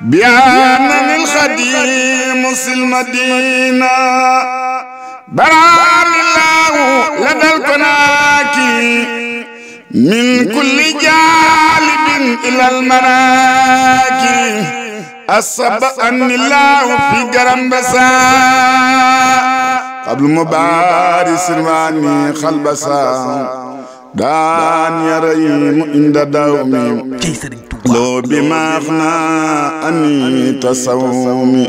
بأنني الخديم في المدينة براني الله لدى الكناك من كل جالب إلى المناك أصب أن الله في قرم بسا قبل مبارس الماني خلبسا daan yara yi mu inda daw mi loo bi maax naa ani tasaw mi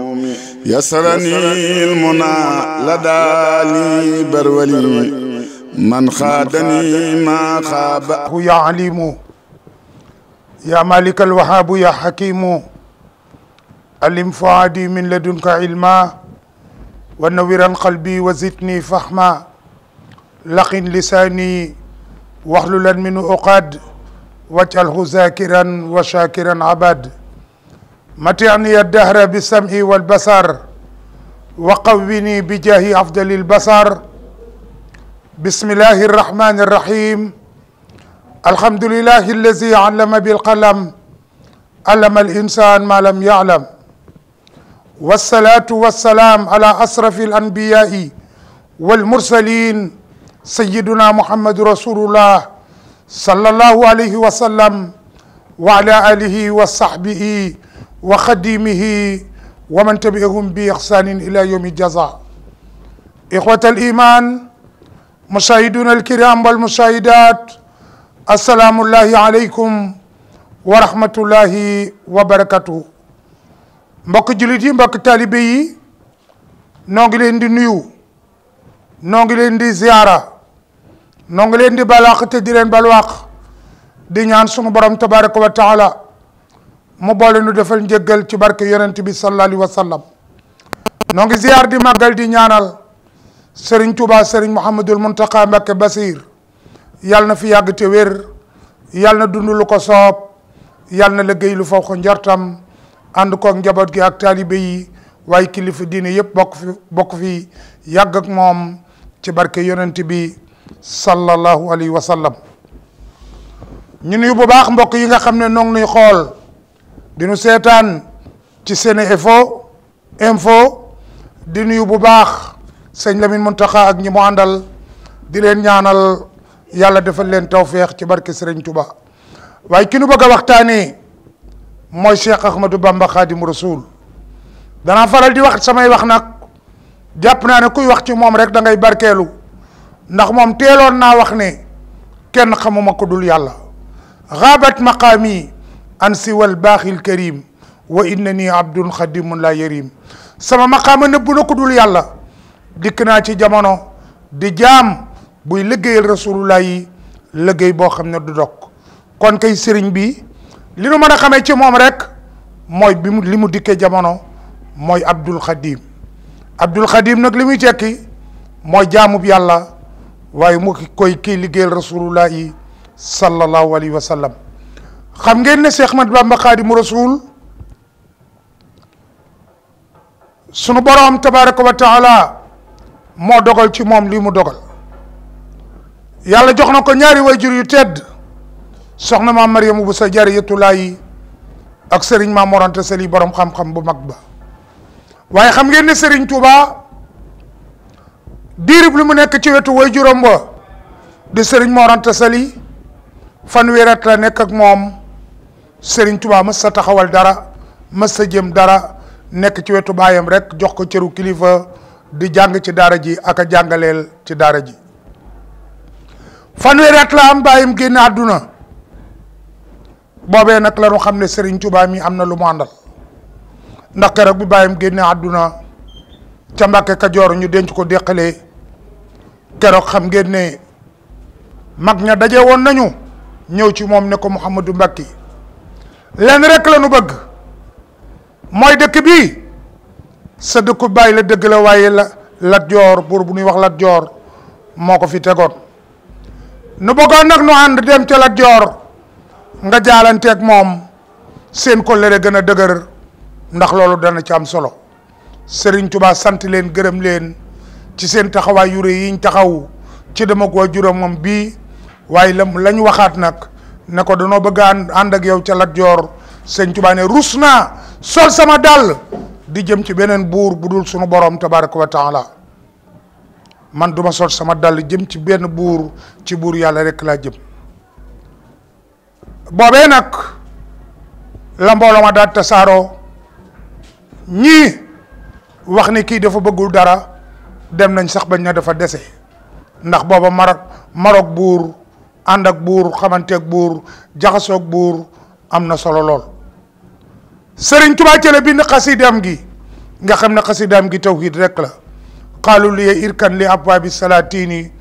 yasaraniil mu naa la daali barwali man xaadani maa xaaba ya alimu ya malik alwahaabu ya xakimu alim fuaadi min ladunka ilma wa nawiran qalbi wa zidni fahma laqin lisaani waxlulan min uqaad waj'alhu zakiran wa shakiran abad mati'ni addahra bisam'i walbasar wa qawwini bijaahi afdali albasar bismillahi arrahmani arrahim alhamdulillahi allazi allama bilqalam allama alinsan ma lam ya'lam wassalatu wassalaam ala asrafi alanbiya'i walmursalin sayyiduna muhammadu rasulullah sallallahu alayhi wa sallam wa ala alihi wa sahbihi wa xadimihi wa man tabi'ahum bi ixsanin ila yawmi jaza ixwat al iman mushahiduna alkiram walmushahidat assalaamullahi aleykum wa rahmatullahi wa barakatuhu mbokk jullit yi mbokk taalibe yi noo ngi leen di nuyu noo ngi leen di ziyaara noo ngi leen di balaax te di leen balwaax di ñaan sunu borom tabaraka wa taala mu boole nu defal njëggal ci barke yonent bi sallallahu alayhi wa sallam noo ngi ziyaar di màggal di ñaanal Serigne Touba Serigne Mouhamadul Mountakha Mbacké Basir yàlla na fi yàgg te wér yàlla na dund ko soob yàlla na liggéey lu faw ko njartam ànd njaboot gi ak taalibe yi waaye kilifa diine yëpp bokk fi bokk fi yàgg moom ci barke yonent bi sallallahu alayhi wa sallam ñu nuyu bu baax mbokk yi nga xam ne noo ngi nuy xool di nu seetaan ci Sene Info info di nuyu bu baax sëñ Lamine Muntaxa ak ñi mu àndal di leen ñaanal yàlla defal leen tawféex ci barke Sëriñ Tuba waaye kinu nu bëgg a waxtaanee mooy Cheikh Ahmadou Bamba Xaadimu Rasuul danaa faral di wax samay wax nag jàpp naa ne kuy wax ci moom rek da ngay barkeelu. ndax moom teeloon naa wax ne kenn xamuma ko dul yàlla xaabat maqaami an siwal baaxil karim wa inna nii abdun xadimun la yarim sama maqaama nëbbu na ko dul yàlla dikk naa ci jamono di jaam buy liggéeyal rasulullah yi liggéey boo xam ne du dog kon kay sëriñ bi li nu mën a xame ci moom rek mooy bi mu li mu dikkee jamono mooy abdul xadim abdul xadim nag li muy tekki mooy jaamub yàlla waaye mu koy kii liggéeyal rasulullahi sallallahu alayhi wa sallam xam ngeen ne Seex mat Bamba Xaadimu Rasul sunu borom tabaraka wa taala moo dogal ci moom lii mu dogal yàlla jox na ko ñaari wayjur yu tedd na maam Mariama bu sa jariyatulaayi ak sëriñ maam Mor Anta Sali borom xam bu mag ba waaye xam ngeen ne sëriñ Tuuba diirib li mu nekk ci wetu way juróom ba di sëriñ Mor Anta Sali fanweeri at la nekk ak moom sëriñ Tuubaa mës taxawal dara mës sa jëm dara nekk ci wetu baayam rekk jox ko cëru kilifa di jàng ci daara ji ak a jàngaleel ci daara ji fanweeri at la am baayam génn àdduna boobee nag la ñu xam ne sëriñ Tuubaa mi am na lu mu àndal ndax keroog bi baayam génne àdduna ca Mbàkke Kajoor ñu denc ko déqalee keroog xam ngeen ne mag ña daje woon nañu ñëw ci moom ne ko Mouhamadou Mbacké lenn rekk la nu bëgg mooy dëkk bii sa dëkku bàyyi la dëgg la waaye la Lat Joor buur bu ñuy wax Lat Joor moo ko fi tegoon nu bëggoon nag nu ànd dem ca Lat Joor nga jaalanteeg moom seen kóllëre gën a dëgër ndax loolu dana ci am solo sëriñ Touba sant leen gërëm leen ci seen taxawaay yure rëy yiñ taxaw ci dama ko juróom moom bii waaye la lañu ñu waxaat nag ne ko danoo bëgg a ànd ak yow ca Lat Joor sëñ Tuubaa ne rus naa sol sama dàll di jëm ci beneen buur bu dul sunu borom tabaraka wa la man duma sol sama dàll jëm ci benn buur ci buur yàlla rek la jëm boobee nag la mbooloo ma daal tasaaroo ñii wax ne kii dafa bëggul dara dem nañ sax bañ na dafa dese ndax booba Maroc Maroc buur ànd ak buur xamanteeg buur jaxasoog buur am na solo lool sëriñ Tuubaa cële bind xasidaam gi nga xam ne xasidaam gi tawhid rek la xaalu liye irkan li abwaabi salaatini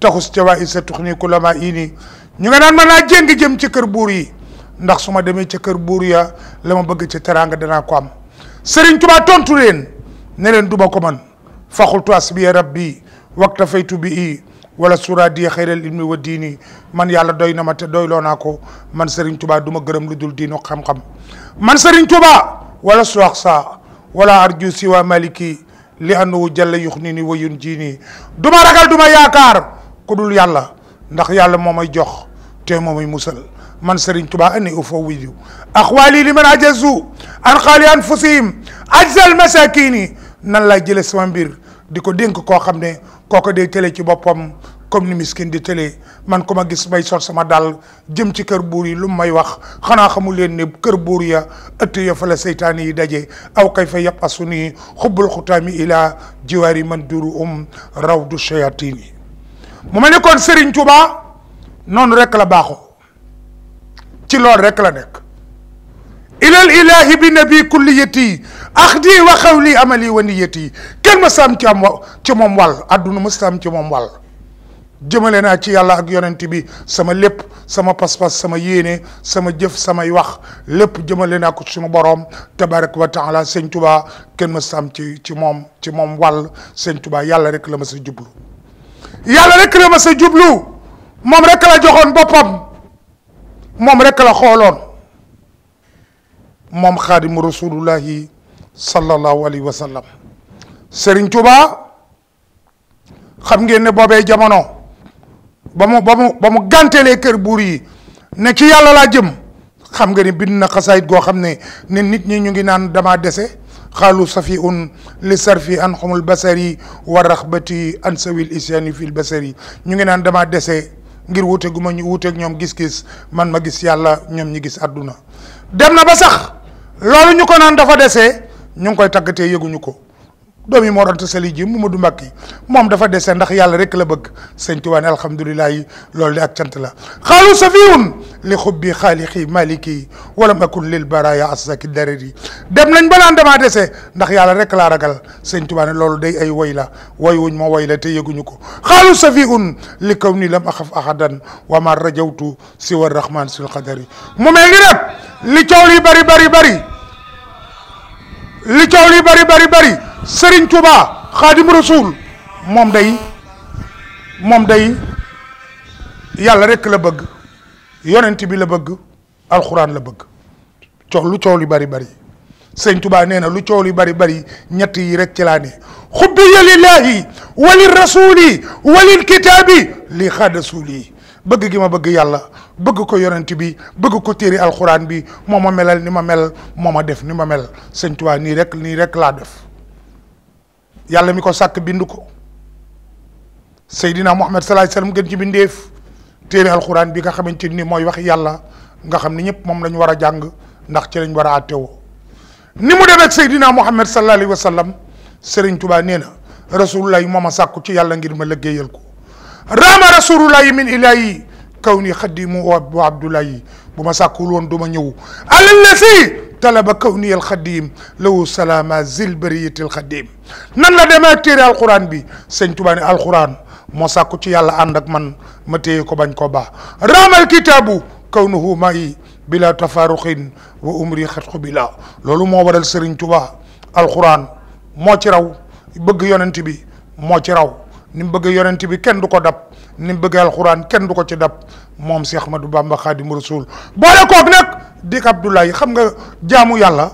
taxus ca waa isa tux nii kulama ini ñu nga naan mën naa jéng jëm ci kër buur yi ndax su ma demee ca kër buur ya la ma bëgg ci teraanga danaa ko am sëriñ Tuubaa tontu leen ne leen duma man فقلت حسبي ربي واكتفيت به wala suraadiya xayral ilmi wa diini man yàlla doy na ma te doyloo naa ko man Serigne Touba du ma gërëm lu dul diinu xam-xam man Serigne Touba wala suwax saa wala arju siwa maliki li annahu jalla yux ni ni wayun jiini du ma ragal du ma yaakaar ku dul yàlla ndax yàlla moo may jox te moo may musal man Serigne Touba ani ufo wiyu axwaali li man ajazu an xaali anfusihim ajzal masakini nan laa jële sama mbir di ko dénk koo xam ne kooko day tële ci boppam comme ni miskin di tële man ku ma gis may sol sama dal jëm ci kër buur yi lu may wax xanaa xamu leen ne kër buur ya ëtt ya fa la seytaane yi daje aw kay fa yàpp asu nii xubbul xutaami ila jiwaari man duru um raw du shayatin yi mu ma nekkoon Serigne Touba noonu rek la baaxoo ci loolu rek la nekk ilal ilahi bi nabi kulliyati axdi wa xawli amali wa niyati kenn ma saam ci am ci moom wàll àdduna ma saam ci moom wàll jëmale naa ci yàlla ak yonent bi sama lépp sama paspas sama yéene sama jëf samay wax lépp jëmale naa ko sunu boroom tabarak wa taala sëñ tubaa kenn ma sam ci ci moom ci moom wàll sëñ tubaa yàlla rek la ma sa jublu yàlla rek la ma sa jublu moom rek la joxoon boppam moom rek la xooloon moom xaadimu rasulullahi sallallahu alayhi wa sallam Serigne Touba xam ngeen ne boobee jamono ba mu ba mu ba mu gàntelee kër buur yi ne ci yàlla laa jëm xam nga ne bind na xasaayit goo xam ne ne nit ñi ñu ngi naan dama dese xaalu safi un li sarfi an xumul basari war raxbati an sawil isyani fil basari ñu ngi naan dama dese ngir wuute ma ñu wuuteeg ñoom gis-gis man ma gis yàlla ñoom ñi gis àdduna dem na ba sax loolu ñu ko naan dafa dese ñu ngi koy tàggatee yëguñu ko doom yi moo doon te seli ji Mamadou Mbacké moom dafa dese ndax yàlla rekk la bëgg sëñ Tiwaan alhamdulilah yi loolu de ak cant la xaalu safiun li xubbi xaalixi maliki walam akun lil baraya asaki darari dem nañ ba dese ndax yàlla rek laa ragal sëñ Tiwaan loolu day ay woy la woy wuñ ma woy la te yëguñu ko xaalu safiun li kaw ni lam axaf ahadan wa ma rajawtu siwa rahman sil qadari mu mel ni rek li coow bari bari bari li coow li bari bari bari Serigne Touba Xaadimu Rasuul moom day moom day yàlla rekk la bëgg yonent bi la bëgg alxuraan la bëgg coow lu coow li bari bari Sëñ Touba nee na lu coow li bari bari ñett yi rek ci laa ne xubbiya lillahi walil rasuli walil kitaabi li xaada suuli bëgg gi ma bëgg yàlla bëgg ko yonent bi bëgg ko téere alxuraan bi moo ma melal ni ma mel moo ma def ni ma mel sëñ Tuubaa nii rek nii rek laa def yàlla mi ko sàkk bind ko Seydina Muhammad sallallahu alayhi wasallam gën ci bindeef téere alxuraan bi nga xamante ni mooy wax yàlla nga xam ni ñëpp moom lañ war a jàng ndax ci lañ war a àttewoo ni mu demee ak Seydina Muhammad sallallahu alayhi wasallam Sëriñ Tuubaa nee na rasulullah yi moom a sàkku ci yàlla ngir ma liggéeyal ko raama rasulullahi min ilahi kaw ni xadimu wa abdullahi bu ma sàkkul woon du ma ñëw alallasi talaba kaw ni al xadim lawu salaama zil bariyatil xadim nan la demee ak téere bi sëñ Tuubaa ne alquran moo sàkku ci yàlla ànd ak man ma téye ko bañ ko baax raamal kitaabu kawnuhu ma'i bila tafaruqin wa umri xatxu bila loolu moo waral sëriñ Tuubaa alquran moo ci raw bëgg yonent bi moo ci raw ni mu bëgg yonent bi kenn du ko dab ni mu bëgg alxuraan kenn du ko ci dab moom Cheikh Ahmadou Bamba Khadim Rasoul boole koog nag dik Abdoulaye xam nga jaamu yàlla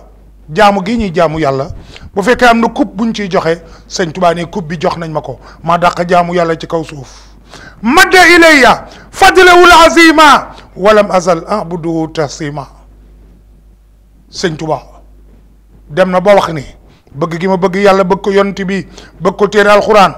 jaamu gi ñuy jaamu yàlla bu fekkee am na coupe buñ ciy joxe sëñ Tuubaa ne coupe bi jox nañ ma ko maa dàq jaamu yàlla ci kaw suuf madda ilayya fadlawul azima walam azal abuduhu tasima sëñ Tuubaa dem na ba wax ni bëgg gi ma bëgg yàlla bëgg ko yonent bi bëgg ko téere alxuraan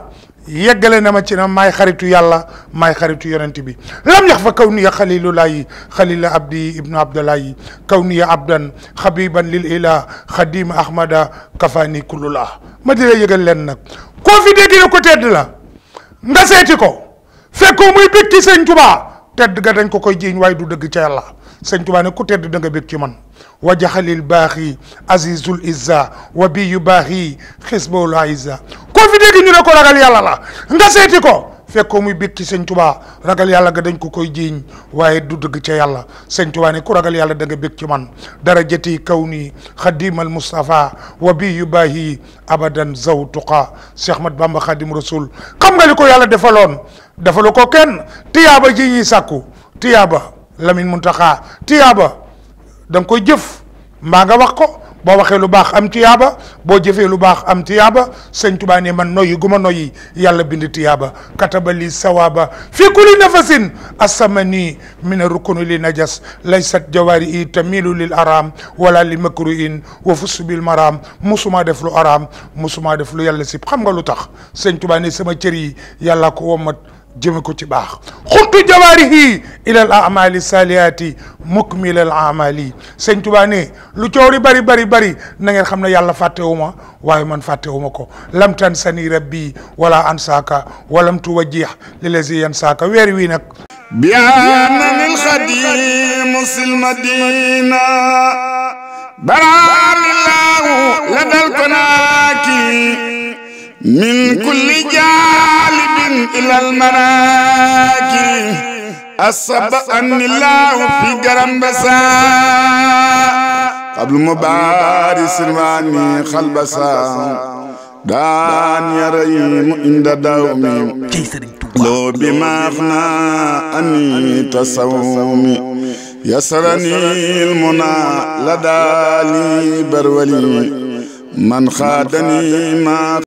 yeggale na ma ci na maay xaritu yàlla maay xaritu yonent bi lam yax fa kaw niya xalilulayi xalila abdi ibnu abdalayi kaw niya abdan xabiban lil ilah xadim ahmada kafani kullulah ma di la yëgal leen nag fi dégg ne ko tedd la nga seeti ko fekkoo muy bég ci sëñ tubaa tedd ga dañ ko koy jiiñ waaye du dëgg ca yàlla sëñ tubaa ne ku tedd da nga bég man wa jaxalil baaxi azizul izza wa bi yu baaxi xisbawul izza koo fi dégg ñu ne ko ragal yàlla la nga seeti ko fekk muy bég ci sëñ ragal yàlla ga dañ ko koy jiiñ waaye du dëgg ca yàlla sëñ tubaa ne ku ragal yàlla danga nga bég ci man darajati kaw nii xadimal moustapha wa bi yu baahi abadan zaw tuqa cheikh mat bamba xadim rasul xam nga ko yàlla defaloon defalu ko kenn tiyaaba ji ñuy sàkku tiyaaba lamin muntaxa tiyaaba da nga koy jëf mbaa nga wax ko boo waxee lu baax am tiyaaba boo jefee lu baax am tiyaaba sëñ Tuubaa man noyyi gu ma noyi yàlla bind tiyaaba katabali sawaaba fi kulli nafasin asamani mina rukunu li najas laysat jawaari i tamilu li aram wala li makruin wa fusubil maram musuma def lu aram musuma def lu yàlla sib xam nga lu tax sëñ Tuubaa ne sama cër yi yàlla ko womat jëme ko ci baax xultu jawaarihi ilal amali saliyaati mukmilal amali sëñ Tuba ne lu coori bari bari bari na ngeen xam ne yàlla fàttewu ma waaye man fàttewu ma ko lam tan sani rabbi wala ansaaka walam tuwajjih lilazi yansaaka weer wi nag biananil xadimu sil madina baraamillahu ladal konaaki من كل جالب إلى المراكب أصب أن الله في قرم بسا قبل مبارس واني خلبسا دان يريم عند دومي لو بما أغنى أني تصومي يسرني المنى لدى لي برولي من خادني ما